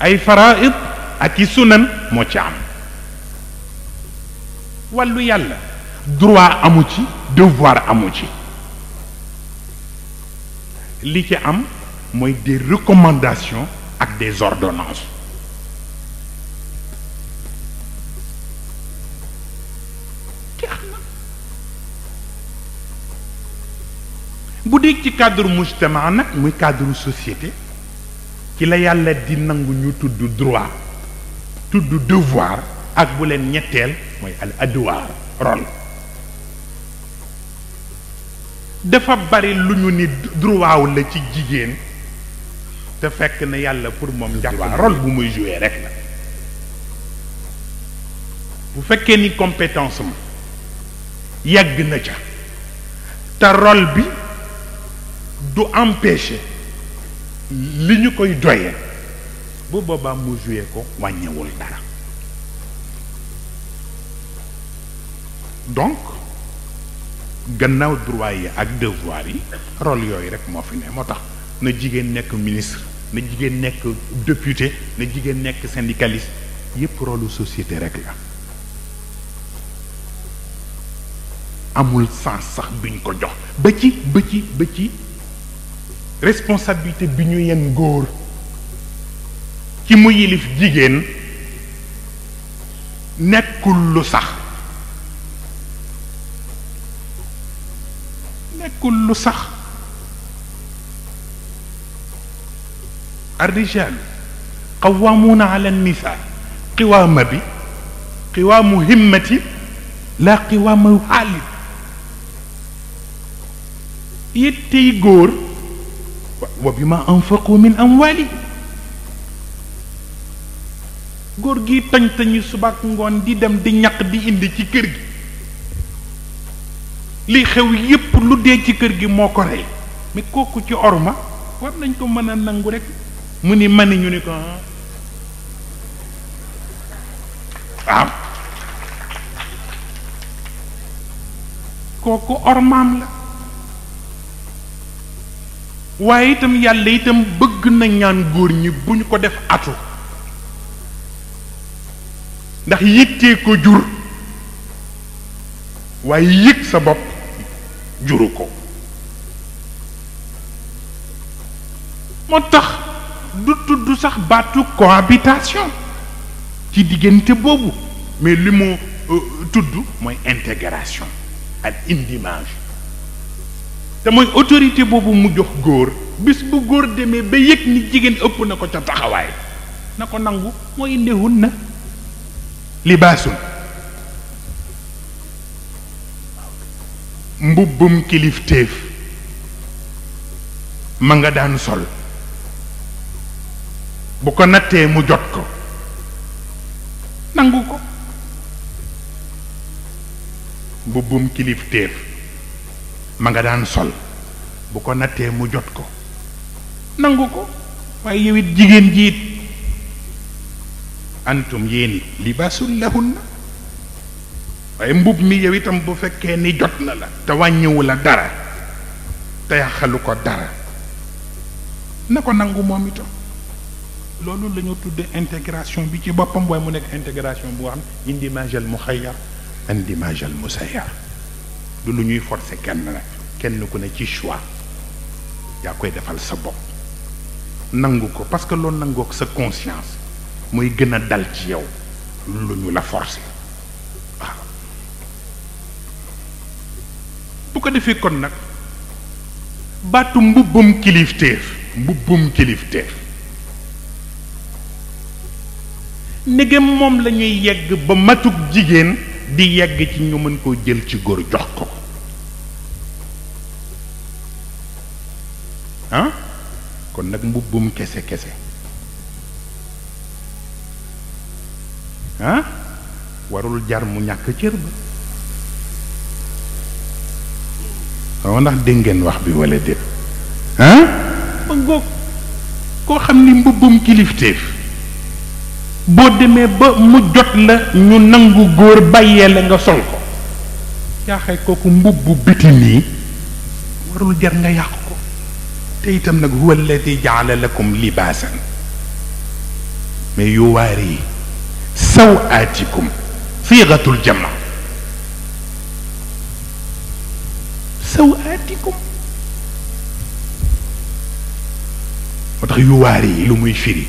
ay faraid ak sunan mo ci am wàllu yalla droit amu ci devoir amu ci li ci am moy des recommandations ak des ordonnances bu dee ci cadre mujtama nag cadre société ki la yalla di nangu ñu tudd droit tudd devoir ak bu leen ñettel moy al adwar rôle dafa bari lu ñu ni droit ou la ci jigen te pour rôle bu muy rek la bu ni compétence ma na ca rôle bi du empêcher li ñu koy doyee bu boba mu joué ko wañewul dara donc gannaaw droit yi ak devoir yi rôle yooyu rek moo fi ne moo na jigéen nekk ministre na député na jigéen nekk syndicaliste yépp rôle société rek la amul sens sax biñ ko jox ba responsabilité bi ñu yenn góor ci mu yilif jigéen nekkul lu sax nekkul lu sax الرجال قوامون على النساء قوام بي قوام همتي لا قوام حالي يتي غور wa bi ma anfaqu min amwali góor gi tañ tañu subaak ngoon di dem di ñaq di indi ci kër gi li xew yépp lu dee ci kër gi moo ko rey mais kooku ci orma war nañ ko mën a nangu rek mu ni mani ñu ni ko am ah. ah. kooku ormaam la waaye itam yàlla itam bëgg na ñaan góor ñi bu ñu ko def atu ndax yittee ko jur waaye yëg sa bopp juru ko moo tax du tudd sax baatu cohabitation ci diggante boobu mais li mu euh, tudd mooy intégration ak indimage te mooy autorité boobu mu jox góor bis bu góor demee ba yëg ni jigéen ëpp na ko ca taxawaay na ko nangu moo indihun na libaasun mbubbum kilifteef ma nga daan sol bu ko nattee mu jot ko nangu ko mbubbum kilifteef ma nga daan sol bu ko nattee mu jot ko nangu ko waaye yow jigéen jiit antum yéen libaasul lahunna waaye mbub mi yow bu fekkee ni jot na la te wàññiwu la dara te yàqalu ko dara na ko nangu moom itam loolu la ñu integration bi ci boppam waaye mu nekk integration bu nga xam ne indimage al muxayyar indimage al musayyar du lu ñuy forcer kenn nag kenn ku ne ci choix yaa koy defal sa bopp nangu ko parce que loolu nangook sa conscience mooy gën a dal ci yow lu ñu la forcer waaw bu ko defee kon nag baatu mbubbum kilifteef mbubbum kilifteef ndegem moom lañuy yegg ba matuk jigéen di yegg ci ñu mën koo jël ci góor jox ko kon nag mbubbum kese kese ah warul jar mu ñàkk cër ba waaw ndax dégg wax bi wala déet koo xam ni mbubbum kilifteef boo demee ba mu jot la ñu nangu góor bàyyee la nga sol ko yaaxee kooku mbubbu bitim nii warul jar nga yàq ko te itam nag huwa alladi jaala lakum libaasan mais yuwaari sawaatikum fiigatul jama sawaatikum moo tax waar yi lu muy firi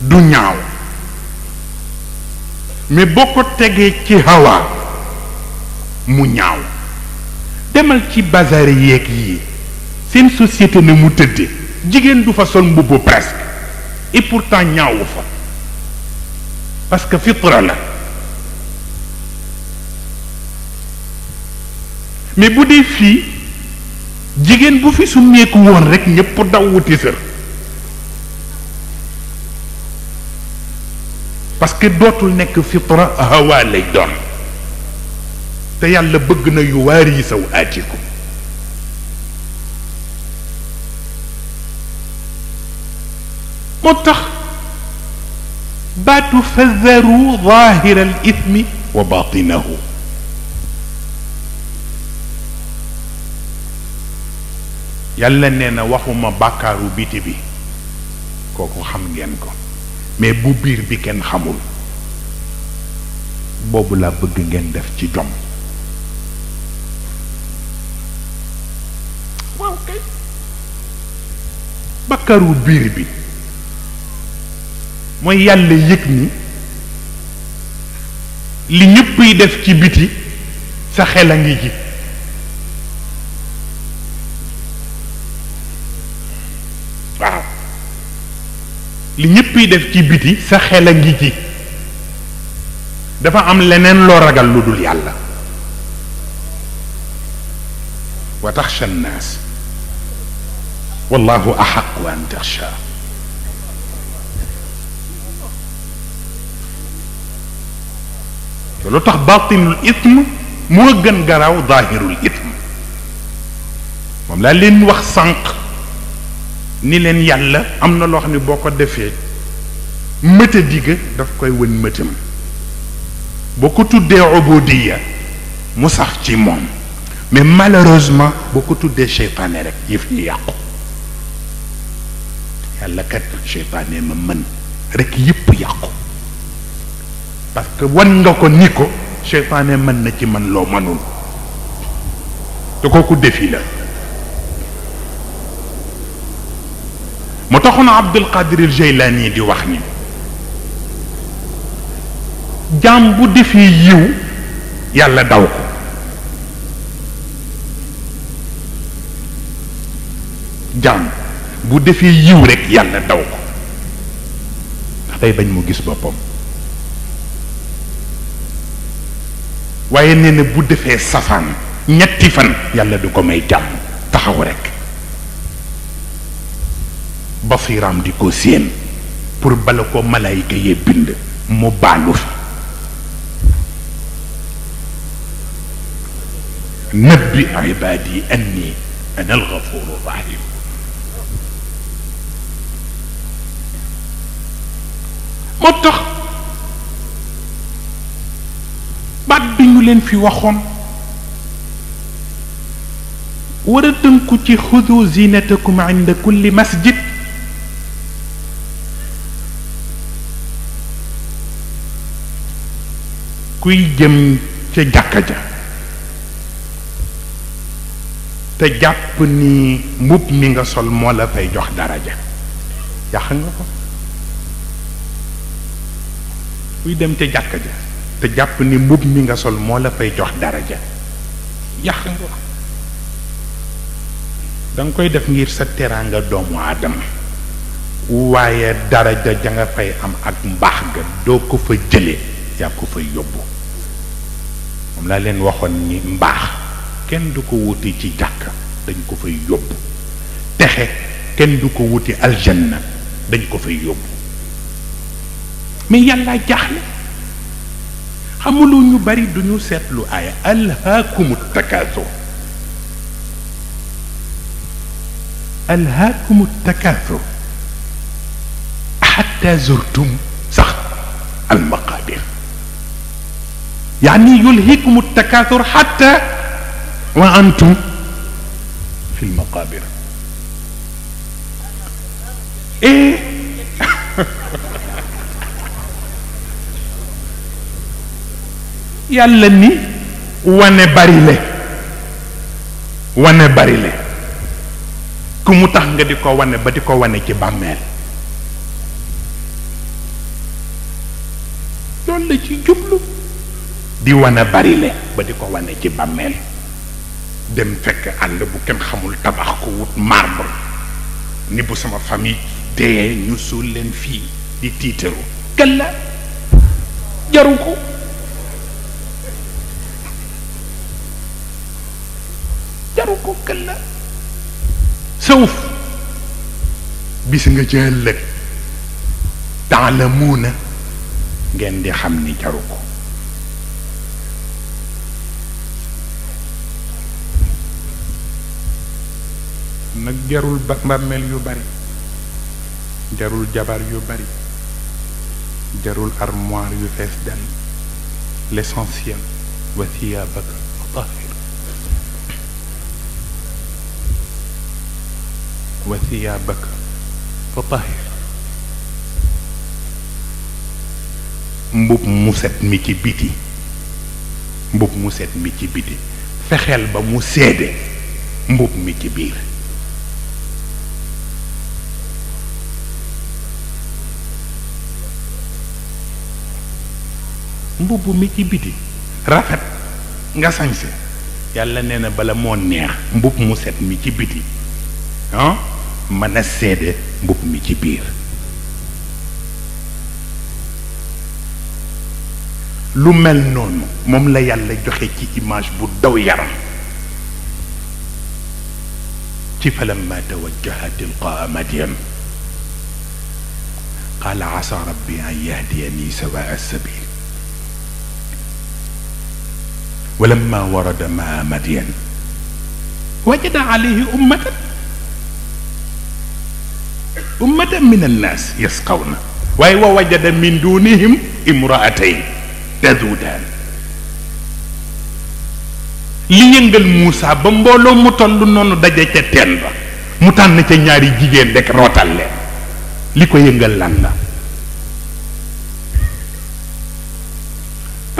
du ñaaw mais boo ko tegee ci hawa mu ñaaw demal ci bazar yeeg yi seen société na mu tëdde jigéen du fa sol mbubbu presque et pourtant ñaawu fa parce que fitra la mais bu dee fii jigéen bu fi su woon rek ñëpp daw wuti sër parce que dootul nekk fitra hawa lay doon te yàlla bëgg na yu waari saw aatikum moo tax baatu fazaru zahira al ithmi wa batinahu yàlla nee na waxuma bàkkaaru biti bi kooku xam ngeen ko mais bu biir bi kenn xamul boobu laa bëgg ngeen def ci jom waaw kay bakkaru biir bi mooy yàlla yëg ni li ñëpp yi def ci biti sa xel a ngi ji li ñëppi def ci biti sa xel a ngi ci dafa am leneen loo ragal lu dul yàlla wa taxsha nnaas wallahu axaqu an taxsha te lu tax batinul ithm moo gën garaaw zahirul ithm moom laa leen wax sànq ni leen yàlla am na loo xam ne boo ko defee mëta digg daf koy wën mëtam boo ko tuddee ubudiya mu sax ci moom mais malheureusement boo ko tuddee seytaane rek yëf yi yàqu yàlla kat seytaane ma mën rek yëpp yàqu parce que wan nga ko ni ko seytaane mën na ci man loo mënul te kooku defi la متخون عبد القادر الجيلاني دي واخني جامبو دي في يو يالا داوكو جام بو دي في يو رك يالا داوكو تاي باج مو غيس بوبام وايي بو دي في سافان نياتي يالا دوكو ماي جام تخاو رك basiram di ko séen pour bala ko malayka yee bind mu baalu fi nabbi ibaadi anni ana alxafuru rahim moo tax baat bi ñu leen fi waxoon war a tënku ci xudu zinatakum inda kulli masjid kuy jëm ca jàkka ja te jàpp ni mbubb mi nga sol moo la fay jox daraja yàq nga ko kuy dem ca jàkka ja te jàpp ni mbubb mi nga sol moo la fay jox daraja yàq nga ko danga koy def ngir sa teraanga doomu aadama waaye dara ja nga fay am ak mbaax ga doo ko fa jëlee yaa ko fay yóbbu moom laa leen waxoon ni mbaax kenn du ko wuti ci jàkk dañ ko fay yóbbu texe kenn du ko wuti aljanna dañ ko fay yóbbu mais yàlla jaaxle xamulu ñu bari du ñu seetlu aaya alhaakumu takaaso alhaakumu takaaso xatta zurtum sax almaqaabir يعني يلهيكم التكاثر حتى وأنتم في المقابر إيه يلا وانا ونبريله ونبريله كم تهنغ ديكو واني بديكو وانا كي بامير دولي جي جم di wane bari le ba di ko wane ci bàmmeel dem fekk àll bu kenn xamul tabax ko wut marbre ni bu sama famille dee ñu suul leen fii di tiitaru gën la jaru ko jaru ko gën la sawuf bis nga ci ëllëg taalamuuna ngeen di xam ni jaru ko nag jarul ba yu bari jarul jabar yu bari jarul armoire yu fees dal l'essentiel wa thiyaabaka fa tahir wa thiyaabaka tahir mbub mu mi ci biti mbub mu set mi ci biti fexeel ba mu seede mbub mi ci biir mbubu mi ci biti rafet nga sañse yàlla neena bala mo neex mbubb mu set mi ci biti han mana sédé seede mi ci biir lu mel noonu moom la yàlla joxe ci image bu daw yaram ci falamma tawajjaha tilqaa madyan qala asa rabbi an yahdiyani sawaa sabil walamma warada maa madyan wajada alayhi ummatan ummatan min annaas yasqawna waaye wa wajada min dunihim imraatayn tadudaan li yëngal Moussa ba mbooloo mu toll noonu daje ca teen ba mu tànn ca ñaari jigéen rek rootal leen li ko yëngal lan la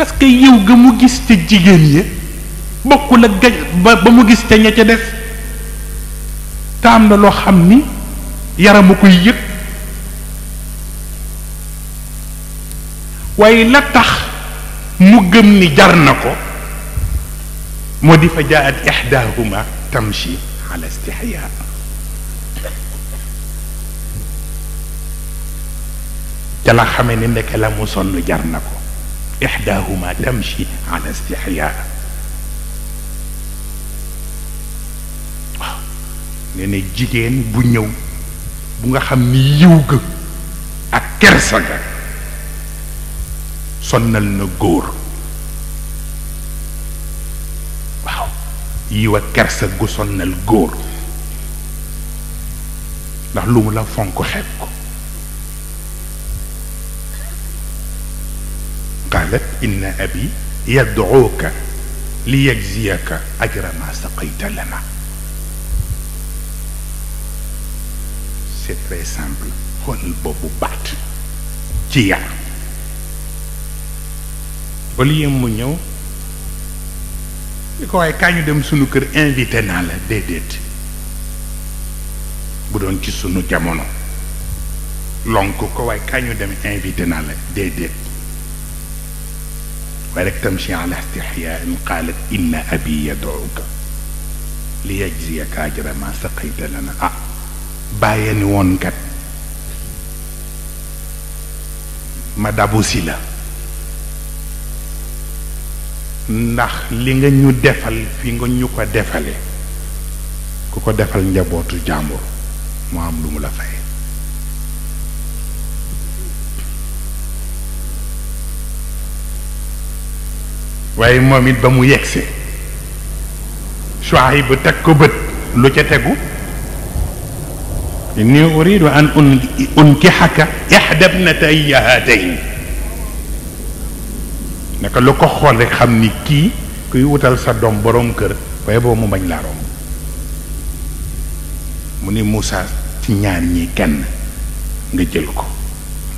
parce que yow gamu gis te jigen ya bokkul ak gaj ba mu gis te ña ca def tam na lo xamni ni yaram a koy yëg waaye la tax mu gëm ni jar nako ko fa jaat ihdahuma tamshi ala istihya ca la xamee ni ndeke la mu sonu jar nako إحداهما تمشي على استحياء لأن الجدين بنيو بنغا خمي يوغ أكرسغ سنل نغور واو يوا كرسغ سنل غور نخ لوم لا فونكو خيبكو qaalat inna abi yad'uuka li yajziyaka ajra ma saqayta lana c'est très simple xoolal boobu baat ci yar au lieu ñëw li ko waaye kaa ñu dem sunu kër invité naa la déedéet bu doon ci sunu jamono lonk ko waaye kaa ñu dem invité naa la déedéet ولك تمشي على استحياء قالت إن أبي يدعوك ليجزيك أجر ما سقيت لنا أه. باين ونكت ما دابوسي لا ndax li nga ñu defal fi nga ñu ko defalé ku ko defal njabootu jàmbur mu am lu waaye moom it ba mu yegsee Shuayb bu teg ko bët lu ca tegu inni uridu an unkihaka ihda ibnatayya haatayn naka lu ko xool rek xam ni kii kuy wutal sa dom borom kër waaye boobu mu bañ laa rom mu ni Moussa ci ñaan ñi kenn nga jël ko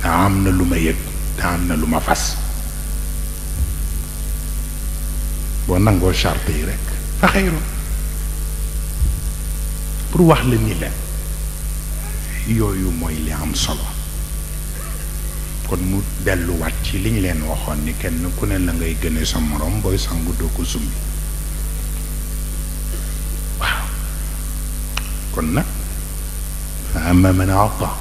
daa am na lu ma yëg daa am na lu ma fas ونقول شرطي لك فخير بروح للنيل يو يو موي لي ام صلو كون مو دالو واتي لي نلين واخون ني كين كون لا غاي گني سا مروم بوي سانغو دوكو سوم كون نا اما من عطى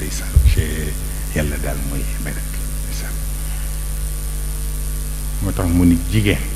ليس شيء يلا دال موي ملك ليس موتام موني جيجين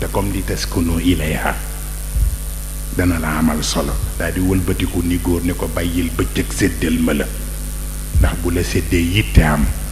te comme di taskunu ilayha dana la amal solo daal di wëlbatiku ni góor ne ko bàyyil bëccëg séddal ma ndax bu la séddee yitte am